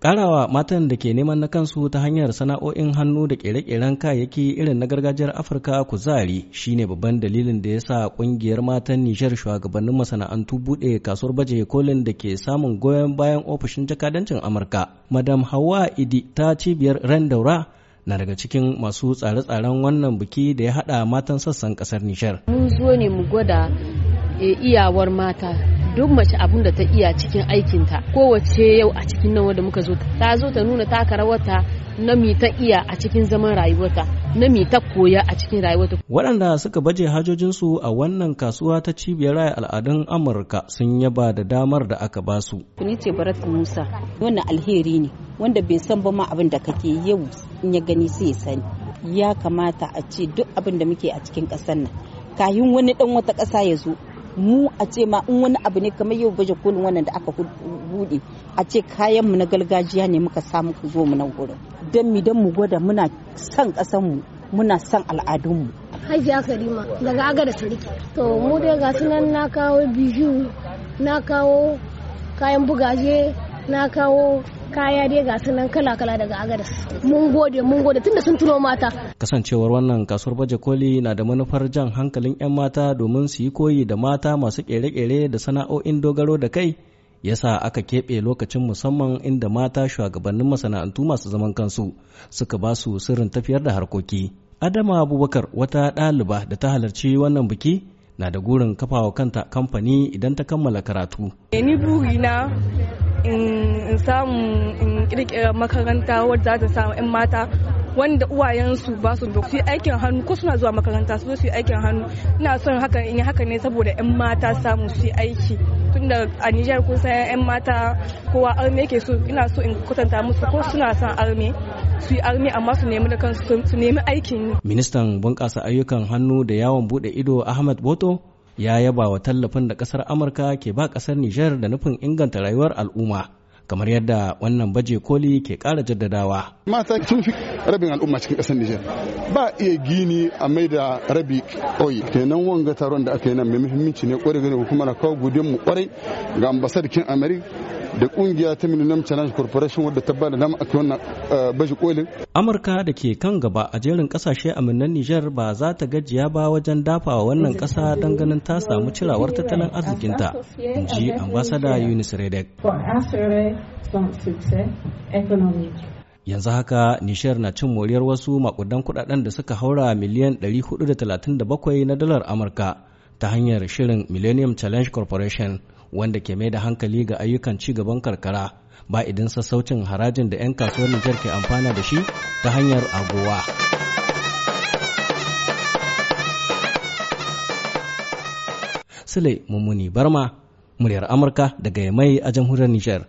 Ƙarawa matan da ke neman na kansu ta hanyar sana'o'in hannu da ƙere-ƙeren kayayyaki irin na gargajiyar Afirka kuzari shine babban dalilin da ya sa ƙungiyar matan Nijar shugabannin masana'antu buɗe kasuwar baje kolin da ke samun goyon bayan ofishin jakadancin Amurka. Madam Hawa Idi ta cibiyar Rendaura na daga cikin masu tsare-tsaren wannan biki da ya haɗa matan sassan ƙasar Nijar. Mun zo ne mu gwada eh, iyawar mata duk mace abun da ta iya cikin aikinta kowace yau a cikin nan wanda muka zo ta zo ta nuna taka rawarta na mi ta iya a cikin zaman rayuwarta na mi ta koya a cikin rayuwarta. Waɗanda suka baje hajojinsu a wannan kasuwa ta cibiyar raya al'adun Amurka sun yaba da damar da aka ba su. Ni ce Barat Musa, wannan alheri ne wanda bai san ba ma abin da kake yau in ya gani sai ya sani. Ya kamata a ce duk abin da muke a cikin ƙasar nan. Kayin wani ɗan wata ƙasa ya zo mu a ce ma in wani abu ne kamar yau baje kolin wannan da aka bude a ce kayan mu na gargajiya ne muka samu ku zo mu nan gurin dan mi dan mu gwada muna san kasan mu muna son al'adunmu Hajiya Karima daga Agada Sarki to mu dai ga sunan na kawo biju na kawo kayan bugaje na kawo kaya dai ga sunan kala-kala daga agadas mun gode mun gode tunda sun tuno mata kasancewar wannan kasuwar baje koli na da manufar jan hankalin 'yan mata domin su yi koyi da mata masu kere-kere da sana'o'in dogaro da kai yasa aka keɓe lokacin musamman inda mata shugabannin masana'antu masu zaman kansu suka ba su sirrin tafiyar da harkoki adama abubakar wata ɗaliba da ta halarci wannan biki na da gurin kafawa kanta kamfani idan ta kammala karatu. Ni burina in samu in kirkira makaranta wadda za ta samu 'yan mata wanda uwayensu ba su da su aikin hannu ko suna zuwa makaranta su su yi aikin hannu ina son haka in yi haka ne saboda 'yan mata samu su yi aiki tunda a Nijar kun san 'yan mata kowa arme ke so ina so in kwatanta musu ko suna son arme su yi arme amma su nemi da kansu su nemi aikin yi. Ministan bunƙasa ayyukan hannu da yawon bude ido Ahmad Boto ya yaba wa tallafin da ƙasar Amurka ke ba ƙasar Nijar da nufin inganta rayuwar al'umma, kamar yadda wannan baje koli ke ƙara jaddadawa. mata sun fi rabin al'umma cikin ƙasar Nijar ba a iya gini a mai da rabi ƙauye kenan wanga taron da aka yi nan mai muhimmanci ne ƙwarai gani hukumar kawo gudun mu ƙwarai ga ambasar kin Amerika da kungiya ta Millennium Challenge Corporation wadda ta bada dama ake wannan eh, bashi kolin. Amurka da ke kan gaba a jerin kasashe a minnan Nijar ba za ta gajiya ba wajen dafawa wannan kasa don ganin ta samu cirawar tattalin arzikinta, in ji ambasada Eunice Redek. yanzu haka nishiyar na cin moriyar wasu makudan kudaden da suka haura miliyan 437 na dalar amurka ta hanyar shirin millennium challenge corporation wanda ke mai da hankali ga ayyukan ci gaban karkara ba idan sassaucin harajin da 'yan kasuwar nijar ke amfana da shi ta hanyar agowa sule mummuni barma muryar amurka daga mai a jamhuriyar nijar